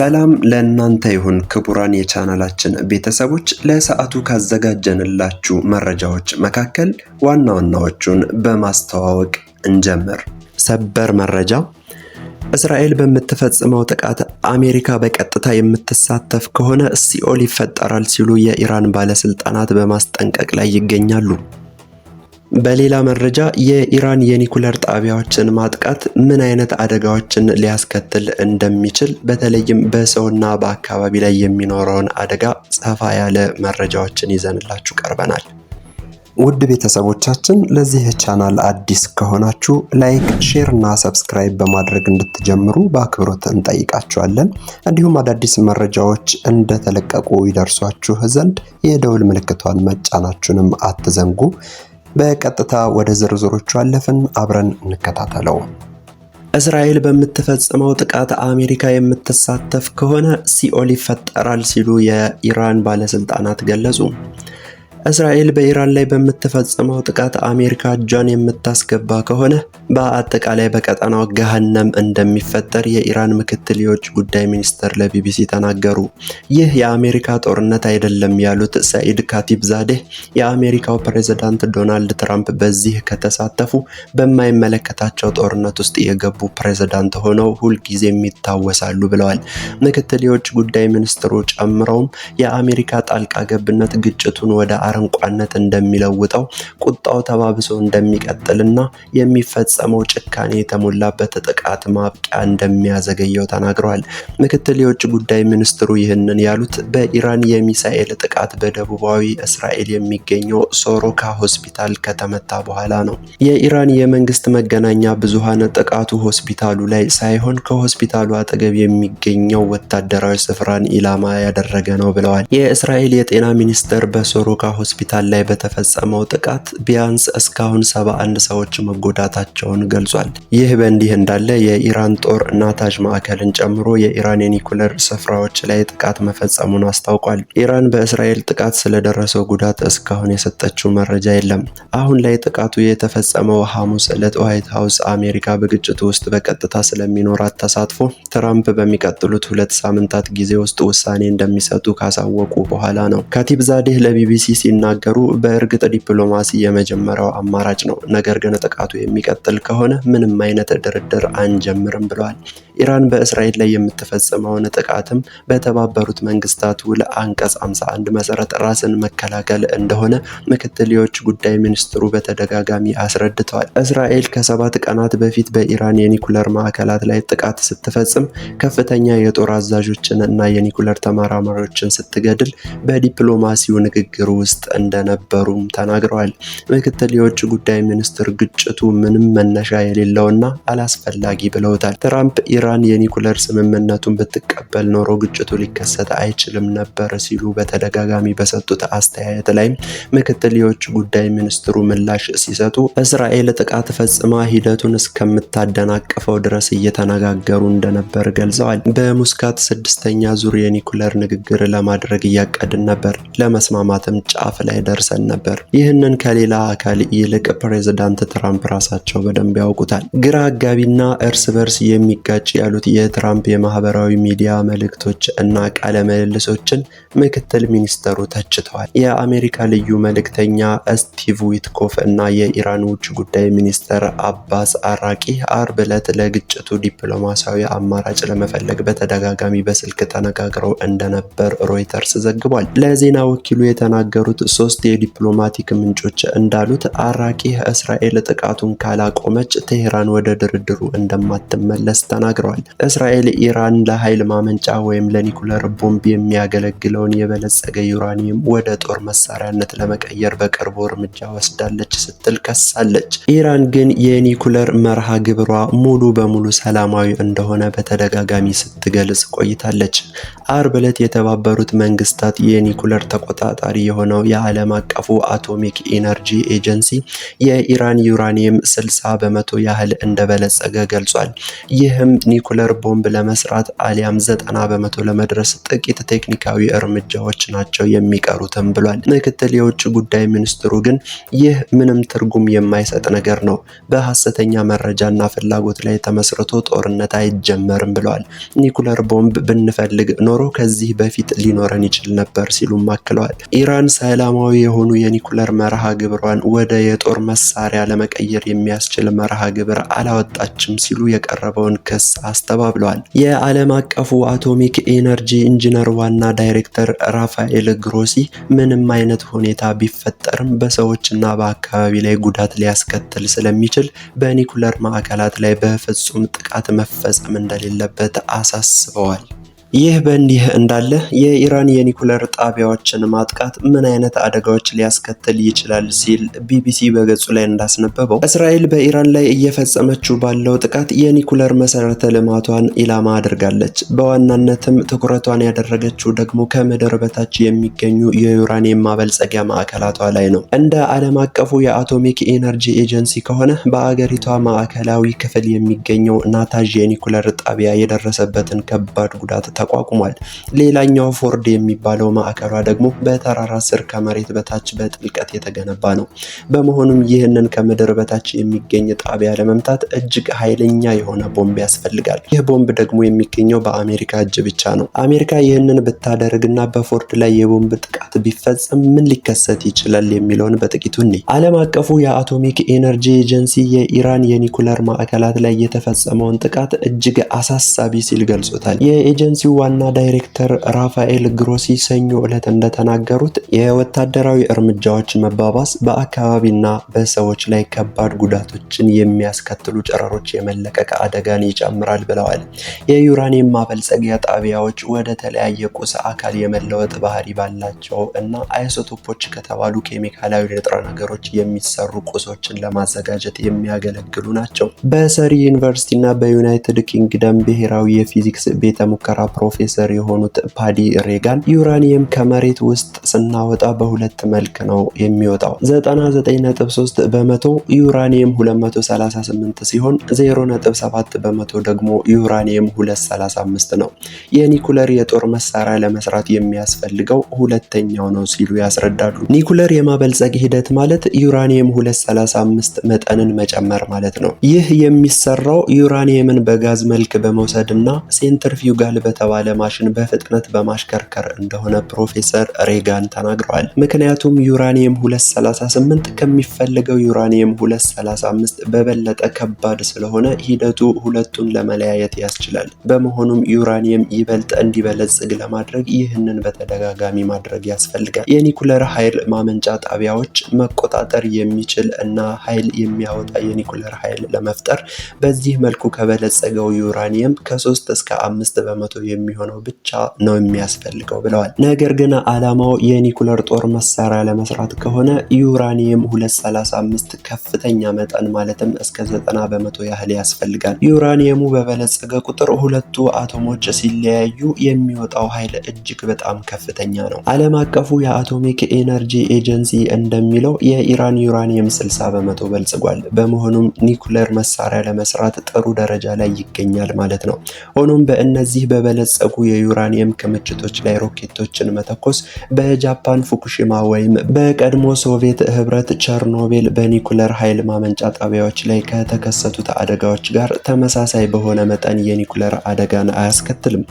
ሰላም ለእናንተ ይሁን ክቡራን የቻናላችን ቤተሰቦች፣ ለሰዓቱ ካዘጋጀንላችሁ መረጃዎች መካከል ዋና ዋናዎቹን በማስተዋወቅ እንጀምር። ሰበር መረጃ እስራኤል በምትፈጽመው ጥቃት አሜሪካ በቀጥታ የምትሳተፍ ከሆነ ሲኦል ይፈጠራል ሲሉ የኢራን ባለስልጣናት በማስጠንቀቅ ላይ ይገኛሉ። በሌላ መረጃ የኢራን የኒኩለር ጣቢያዎችን ማጥቃት ምን አይነት አደጋዎችን ሊያስከትል እንደሚችል በተለይም በሰውና በአካባቢ ላይ የሚኖረውን አደጋ ሰፋ ያለ መረጃዎችን ይዘንላችሁ ቀርበናል። ውድ ቤተሰቦቻችን ለዚህ ቻናል አዲስ ከሆናችሁ ላይክ፣ ሼር እና ሰብስክራይብ በማድረግ እንድትጀምሩ በአክብሮት እንጠይቃችኋለን። እንዲሁም አዳዲስ መረጃዎች እንደተለቀቁ ይደርሷችሁ ዘንድ የደውል ምልክቷን መጫናችሁንም አትዘንጉ። በቀጥታ ወደ ዝርዝሮቹ አለፍን። አብረን እንከታተለው። እስራኤል በምትፈጽመው ጥቃት አሜሪካ የምትሳተፍ ከሆነ ሲኦል ይፈጠራል ሲሉ የኢራን ባለስልጣናት ገለጹ። እስራኤል በኢራን ላይ በምትፈጽመው ጥቃት አሜሪካ እጇን የምታስገባ ከሆነ በአጠቃላይ በቀጠናው ገሃነም እንደሚፈጠር የኢራን ምክትል የውጭ ጉዳይ ሚኒስትር ለቢቢሲ ተናገሩ። ይህ የአሜሪካ ጦርነት አይደለም ያሉት ሰኢድ ካቲብ ዛዴህ የአሜሪካው ፕሬዝዳንት ዶናልድ ትራምፕ በዚህ ከተሳተፉ በማይመለከታቸው ጦርነት ውስጥ የገቡ ፕሬዝዳንት ሆነው ጊዜ ይታወሳሉ ብለዋል። ምክትል የውጭ ጉዳይ ሚኒስትሩ ጨምረውም የአሜሪካ ጣልቃ ገብነት ግጭቱን ወደ አረንቋነት እንደሚለውጠው ቁጣው ተባብሶ እንደሚቀጥልና የሚፈጸመው ጭካኔ የተሞላበት ጥቃት ማብቂያ እንደሚያዘገየው ተናግረዋል። ምክትል የውጭ ጉዳይ ሚኒስትሩ ይህንን ያሉት በኢራን የሚሳኤል ጥቃት በደቡባዊ እስራኤል የሚገኘው ሶሮካ ሆስፒታል ከተመታ በኋላ ነው። የኢራን የመንግስት መገናኛ ብዙሃን ጥቃቱ ሆስፒታሉ ላይ ሳይሆን ከሆስፒታሉ አጠገብ የሚገኘው ወታደራዊ ስፍራን ኢላማ ያደረገ ነው ብለዋል። የእስራኤል የጤና ሚኒስቴር በሶሮካ ሆስፒታል ላይ በተፈጸመው ጥቃት ቢያንስ እስካሁን 71 ሰዎች መጎዳታቸውን ገልጿል። ይህ በእንዲህ እንዳለ የኢራን ጦር ናታዥ ማዕከልን ጨምሮ የኢራን የኒኩለር ስፍራዎች ላይ ጥቃት መፈጸሙን አስታውቋል። ኢራን በእስራኤል ጥቃት ስለደረሰው ጉዳት እስካሁን የሰጠችው መረጃ የለም። አሁን ላይ ጥቃቱ የተፈጸመው ሐሙስ ዕለት ዋይት ሀውስ አሜሪካ በግጭቱ ውስጥ በቀጥታ ስለሚኖራት ተሳትፎ ትራምፕ በሚቀጥሉት ሁለት ሳምንታት ጊዜ ውስጥ ውሳኔ እንደሚሰጡ ካሳወቁ በኋላ ነው። ካቲብ ዛዴህ ለቢቢሲ ሲናገሩ በእርግጥ ዲፕሎማሲ የመጀመሪያው አማራጭ ነው፣ ነገር ግን ጥቃቱ የሚቀጥል ከሆነ ምንም አይነት ድርድር አንጀምርም ብለዋል። ኢራን በእስራኤል ላይ የምትፈጽመውን ጥቃትም በተባበሩት መንግስታት ውል አንቀጽ 51 መሰረት ራስን መከላከል እንደሆነ ምክትል የውጭ ጉዳይ ሚኒስትሩ በተደጋጋሚ አስረድተዋል። እስራኤል ከሰባት ቀናት በፊት በኢራን የኒኩለር ማዕከላት ላይ ጥቃት ስትፈጽም ከፍተኛ የጦር አዛዦችን እና የኒኩለር ተመራማሪዎችን ስትገድል በዲፕሎማሲው ንግግር ውስጥ ውስጥ እንደነበሩም ተናግረዋል። ምክትል የውጭ ጉዳይ ሚኒስትር ግጭቱ ምንም መነሻ የሌለውና አላስፈላጊ ብለውታል። ትራምፕ ኢራን የኒኩለር ስምምነቱን ብትቀበል ኖሮ ግጭቱ ሊከሰት አይችልም ነበር ሲሉ በተደጋጋሚ በሰጡት አስተያየት ላይም ምክትል የውጭ ጉዳይ ሚኒስትሩ ምላሽ ሲሰጡ እስራኤል ጥቃት ፈጽማ ሂደቱን እስከምታደናቅፈው ድረስ እየተነጋገሩ እንደነበር ገልጸዋል። በሙስካት ስድስተኛ ዙር የኒኩለር ንግግር ለማድረግ እያቀድን ነበር፣ ለመስማማትም ጫ ጫፍ ላይ ደርሰን ነበር። ይህንን ከሌላ አካል ይልቅ ፕሬዝዳንት ትራምፕ ራሳቸው በደንብ ያውቁታል። ግራ አጋቢና እርስ በርስ የሚጋጭ ያሉት የትራምፕ የማህበራዊ ሚዲያ መልእክቶች እና ቃለ ምልልሶችን ምክትል ሚኒስተሩ ተችተዋል። የአሜሪካ ልዩ መልእክተኛ ስቲቭ ዊትኮፍ እና የኢራን ውጭ ጉዳይ ሚኒስተር አባስ አራቂ አርብ ዕለት ለግጭቱ ዲፕሎማሲያዊ አማራጭ ለመፈለግ በተደጋጋሚ በስልክ ተነጋግረው እንደነበር ሮይተርስ ዘግቧል። ለዜና ወኪሉ የተናገሩት የተናገሩት ሶስት የዲፕሎማቲክ ምንጮች እንዳሉት አራቂ እስራኤል ጥቃቱን ካላቆመች ቴሄራን ወደ ድርድሩ እንደማትመለስ ተናግረዋል። እስራኤል ኢራን ለኃይል ማመንጫ ወይም ለኒኩለር ቦምብ የሚያገለግለውን የበለጸገ ዩራኒየም ወደ ጦር መሳሪያነት ለመቀየር በቅርቡ እርምጃ ወስዳለች ስትል ከሳለች። ኢራን ግን የኒኩለር መርሃ ግብሯ ሙሉ በሙሉ ሰላማዊ እንደሆነ በተደጋጋሚ ስትገልጽ ቆይታለች። አርብ ዕለት የተባበሩት መንግስታት የኒኩለር ተቆጣጣሪ የሆነው ዋናው የዓለም አቀፉ አቶሚክ ኢነርጂ ኤጀንሲ የኢራን ዩራኒየም 60 በመቶ ያህል እንደበለጸገ ገልጿል። ይህም ኒኩለር ቦምብ ለመስራት አሊያም 90 በመቶ ለመድረስ ጥቂት ቴክኒካዊ እርምጃዎች ናቸው የሚቀሩትም ብሏል። ምክትል የውጭ ጉዳይ ሚኒስትሩ ግን ይህ ምንም ትርጉም የማይሰጥ ነገር ነው፣ በሐሰተኛ መረጃና ፍላጎት ላይ ተመስርቶ ጦርነት አይጀመርም ብለዋል። ኒኩለር ቦምብ ብንፈልግ ኖሮ ከዚህ በፊት ሊኖረን ይችል ነበር ሲሉም አክለዋል። ኢራን ሰላማዊ የሆኑ የኒኩለር መርሃ ግብሯን ወደ የጦር መሳሪያ ለመቀየር የሚያስችል መርሃ ግብር አላወጣችም ሲሉ የቀረበውን ክስ አስተባብለዋል። የዓለም አቀፉ አቶሚክ ኢነርጂ ኢንጂነር ዋና ዳይሬክተር ራፋኤል ግሮሲ ምንም አይነት ሁኔታ ቢፈጠርም በሰዎችና በአካባቢ ላይ ጉዳት ሊያስከትል ስለሚችል በኒኩለር ማዕከላት ላይ በፍጹም ጥቃት መፈጸም እንደሌለበት አሳስበዋል። ይህ በእንዲህ እንዳለ የኢራን የኒኩለር ጣቢያዎችን ማጥቃት ምን አይነት አደጋዎች ሊያስከትል ይችላል ሲል ቢቢሲ በገጹ ላይ እንዳስነበበው እስራኤል በኢራን ላይ እየፈጸመችው ባለው ጥቃት የኒኩለር መሰረተ ልማቷን ኢላማ አድርጋለች። በዋናነትም ትኩረቷን ያደረገችው ደግሞ ከምድር በታች የሚገኙ የዩራኒየም ማበልጸጊያ ማዕከላቷ ላይ ነው። እንደ ዓለም አቀፉ የአቶሚክ ኤነርጂ ኤጀንሲ ከሆነ በአገሪቷ ማዕከላዊ ክፍል የሚገኘው ናታዥ የኒኩለር ጣቢያ የደረሰበትን ከባድ ጉዳት ተቋቁሟል። ሌላኛው ፎርድ የሚባለው ማዕከሏ ደግሞ በተራራ ስር ከመሬት በታች በጥልቀት የተገነባ ነው። በመሆኑም ይህንን ከምድር በታች የሚገኝ ጣቢያ ለመምታት እጅግ ኃይለኛ የሆነ ቦምብ ያስፈልጋል። ይህ ቦምብ ደግሞ የሚገኘው በአሜሪካ እጅ ብቻ ነው። አሜሪካ ይህንን ብታደርግና በፎርድ ላይ የቦምብ ጥቃት ቢፈጸም ምን ሊከሰት ይችላል የሚለውን በጥቂቱ እኔ ዓለም አቀፉ የአቶሚክ ኤነርጂ ኤጀንሲ የኢራን የኒኩለር ማዕከላት ላይ የተፈጸመውን ጥቃት እጅግ አሳሳቢ ሲል ገልጾታል። የኤጀንሲው ዋና ዳይሬክተር ራፋኤል ግሮሲ ሰኞ ዕለት እንደተናገሩት የወታደራዊ እርምጃዎች መባባስ በአካባቢና በሰዎች ላይ ከባድ ጉዳቶችን የሚያስከትሉ ጨረሮች የመለቀቅ አደጋን ይጨምራል ብለዋል። የዩራኒየም ማበልጸጊያ ጣቢያዎች ወደ ተለያየ ቁስ አካል የመለወጥ ባህሪ ባላቸው እና አይሶቶፖች ከተባሉ ኬሚካላዊ ንጥረ ነገሮች የሚሰሩ ቁሶችን ለማዘጋጀት የሚያገለግሉ ናቸው። በሰሪ ዩኒቨርሲቲ እና በዩናይትድ ኪንግደም ብሔራዊ የፊዚክስ ቤተ ሙከራ ፕሮፌሰር የሆኑት ፓዲ ሬጋን ዩራኒየም ከመሬት ውስጥ ስናወጣ በሁለት መልክ ነው የሚወጣው 99.3 በመቶ ዩራኒየም 238 ሲሆን 0.7 በመቶ ደግሞ ዩራኒየም 235 ነው። የኒኩለር የጦር መሳሪያ ለመስራት የሚያስፈልገው ሁለተኛው ነው ሲሉ ያስረዳሉ። ኒኩለር የማበልጸግ ሂደት ማለት ዩራኒየም 235 መጠንን መጨመር ማለት ነው። ይህ የሚሰራው ዩራኒየምን በጋዝ መልክ በመውሰድና ሴንትርፊዩጋል በተባ የተባለ ማሽን በፍጥነት በማሽከርከር እንደሆነ ፕሮፌሰር ሬጋን ተናግረዋል። ምክንያቱም ዩራኒየም 238 ከሚፈለገው ዩራኒየም 235 በበለጠ ከባድ ስለሆነ ሂደቱ ሁለቱን ለመለያየት ያስችላል። በመሆኑም ዩራኒየም ይበልጥ እንዲበለጽግ ለማድረግ ይህንን በተደጋጋሚ ማድረግ ያስፈልጋል። የኒኩለር ኃይል ማመንጫ ጣቢያዎች መቆጣጠር የሚችል እና ኃይል የሚያወጣ የኒኩለር ኃይል ለመፍጠር በዚህ መልኩ ከበለጸገው ዩራኒየም ከ3 እስከ 5 በመቶ የሚሆነው ብቻ ነው የሚያስፈልገው ብለዋል። ነገር ግን ዓላማው የኒኩለር ጦር መሳሪያ ለመስራት ከሆነ ዩራኒየም 235 ከፍተኛ መጠን ማለትም እስከ 90 በመቶ ያህል ያስፈልጋል። ዩራኒየሙ በበለጸገ ቁጥር ሁለቱ አቶሞች ሲለያዩ የሚወጣው ኃይል እጅግ በጣም ከፍተኛ ነው። ዓለም አቀፉ የአቶሚክ ኤነርጂ ኤጀንሲ እንደሚለው የኢራን ዩራኒየም 60 በመቶ በልጽጓል። በመሆኑም ኒኩለር መሳሪያ ለመስራት ጥሩ ደረጃ ላይ ይገኛል ማለት ነው። ሆኖም በእነዚህ በበለ በበለጸጉ የዩራኒየም ክምችቶች ላይ ሮኬቶችን መተኮስ በጃፓን ፉኩሺማ ወይም በቀድሞ ሶቪየት ህብረት ቸርኖቤል በኒኩለር ኃይል ማመንጫ ጣቢያዎች ላይ ከተከሰቱት አደጋዎች ጋር ተመሳሳይ በሆነ መጠን የኒኩለር አደጋን አያስከትልም።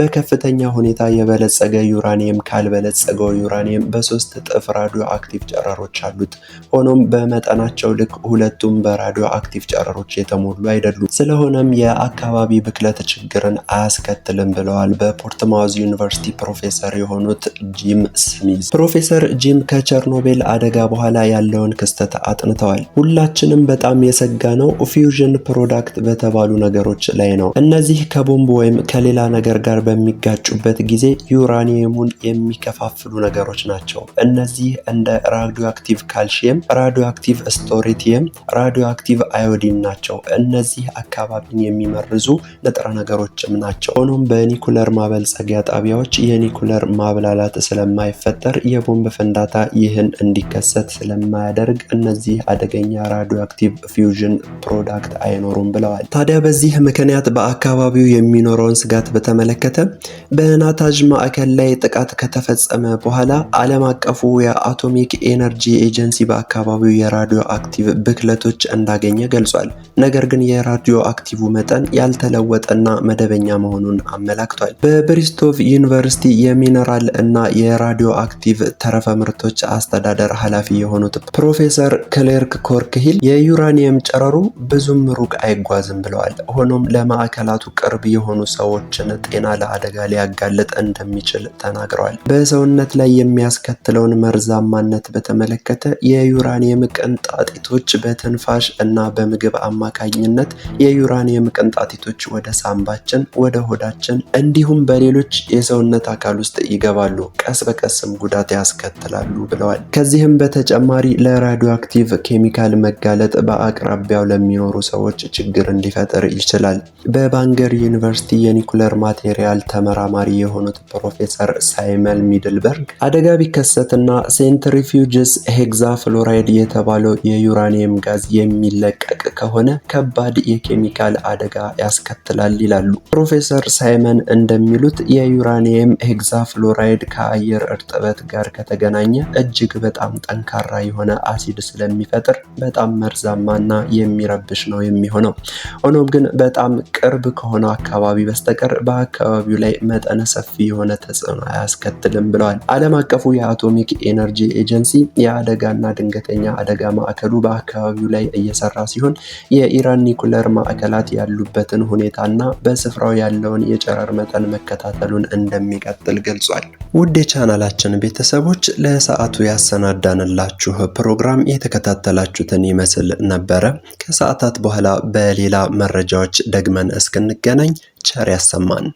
በከፍተኛ ሁኔታ የበለጸገ ዩራኒየም ካልበለጸገው ዩራኒየም በሶስት እጥፍ ራዲዮ አክቲቭ ጨረሮች አሉት። ሆኖም በመጠናቸው ልክ ሁለቱም በራዲዮ አክቲቭ ጨረሮች የተሞሉ አይደሉም። ስለሆነም የአካባቢ ብክለት ችግርን አያስከትልም ብለዋል በፖርትማውዝ ዩኒቨርሲቲ ፕሮፌሰር የሆኑት ጂም ስሚዝ። ፕሮፌሰር ጂም ከቸርኖቤል አደጋ በኋላ ያለውን ክስተት አጥንተዋል። ሁላችንም በጣም የሰጋ ነው ፊውዥን ፕሮዳክት በተባሉ ነገሮች ላይ ነው። እነዚህ ከቦምብ ወይም ከሌላ ነገር ጋር በሚጋጩበት ጊዜ ዩራኒየሙን የሚከፋፍሉ ነገሮች ናቸው። እነዚህ እንደ ራዲዮ አክቲቭ ካልሽየም፣ ራዲዮአክቲቭ አክቲቭ ስቶሪቲየም፣ ራዲዮ አክቲቭ አዮዲን ናቸው። እነዚህ አካባቢን የሚመርዙ ንጥረ ነገሮችም ናቸው። ሆኖም በ በኒኩለር ማበልጸጊያ ጣቢያዎች የኒኩለር ማብላላት ስለማይፈጠር የቦምብ ፍንዳታ ይህን እንዲከሰት ስለማያደርግ እነዚህ አደገኛ ራዲዮ አክቲቭ ፊውዥን ፕሮዳክት አይኖሩም ብለዋል። ታዲያ በዚህ ምክንያት በአካባቢው የሚኖረውን ስጋት በተመለከተ በናታጅ ማዕከል ላይ ጥቃት ከተፈጸመ በኋላ ዓለም አቀፉ የአቶሚክ ኤነርጂ ኤጀንሲ በአካባቢው የራዲዮ አክቲቭ ብክለቶች እንዳገኘ ገልጿል። ነገር ግን የራዲዮ አክቲቭ መጠን ያልተለወጠና መደበኛ መሆኑን አመ አመላክቷል። በብሪስቶቭ ዩኒቨርሲቲ የሚነራል እና የራዲዮ አክቲቭ ተረፈ ምርቶች አስተዳደር ኃላፊ የሆኑት ፕሮፌሰር ክሌርክ ኮርክሂል የዩራኒየም ጨረሩ ብዙም ሩቅ አይጓዝም ብለዋል። ሆኖም ለማዕከላቱ ቅርብ የሆኑ ሰዎችን ጤና ለአደጋ ሊያጋልጥ እንደሚችል ተናግረዋል። በሰውነት ላይ የሚያስከትለውን መርዛማነት በተመለከተ የዩራኒየም ቅንጣጢቶች በትንፋሽ እና በምግብ አማካኝነት የዩራኒየም ቅንጣጢቶች ወደ ሳምባችን፣ ወደ ሆዳችን እንዲሁም በሌሎች የሰውነት አካል ውስጥ ይገባሉ፣ ቀስ በቀስም ጉዳት ያስከትላሉ ብለዋል። ከዚህም በተጨማሪ ለራዲዮ አክቲቭ ኬሚካል መጋለጥ በአቅራቢያው ለሚኖሩ ሰዎች ችግር እንዲፈጥር ይችላል። በባንገር ዩኒቨርሲቲ የኒኩለር ማቴሪያል ተመራማሪ የሆኑት ፕሮፌሰር ሳይመል ሚድልበርግ አደጋ ቢከሰትና ሴንትሪፊውጅስ ሄግዛ ፍሎራይድ የተባለው የዩራኒየም ጋዝ የሚለቀቅ ከሆነ ከባድ የኬሚካል አደጋ ያስከትላል ይላሉ ፕሮፌሰር ሳይመን ምሁራን እንደሚሉት የዩራኒየም ፍሎራይድ ከአየር እርጥበት ጋር ከተገናኘ እጅግ በጣም ጠንካራ የሆነ አሲድ ስለሚፈጥር በጣም መርዛማና የሚረብሽ ነው የሚሆነው። ሆኖም ግን በጣም ቅርብ ከሆነ አካባቢ በስተቀር በአካባቢው ላይ መጠነ ሰፊ የሆነ ተጽዕኖ አያስከትልም ብለዋል። ዓለም አቀፉ የአቶሚክ ኤነርጂ ኤጀንሲ የአደጋና ድንገተኛ አደጋ ማዕከሉ በአካባቢው ላይ እየሰራ ሲሆን የኢራን ኒኩለር ማዕከላት ያሉበትን ሁኔታና በስፍራው ያለውን የጨረ የአሰራር መጠን መከታተሉን እንደሚቀጥል ገልጿል። ውድ የቻናላችን ቤተሰቦች ለሰዓቱ ያሰናዳንላችሁ ፕሮግራም የተከታተላችሁትን ይመስል ነበረ። ከሰዓታት በኋላ በሌላ መረጃዎች ደግመን እስክንገናኝ ቸር ያሰማን።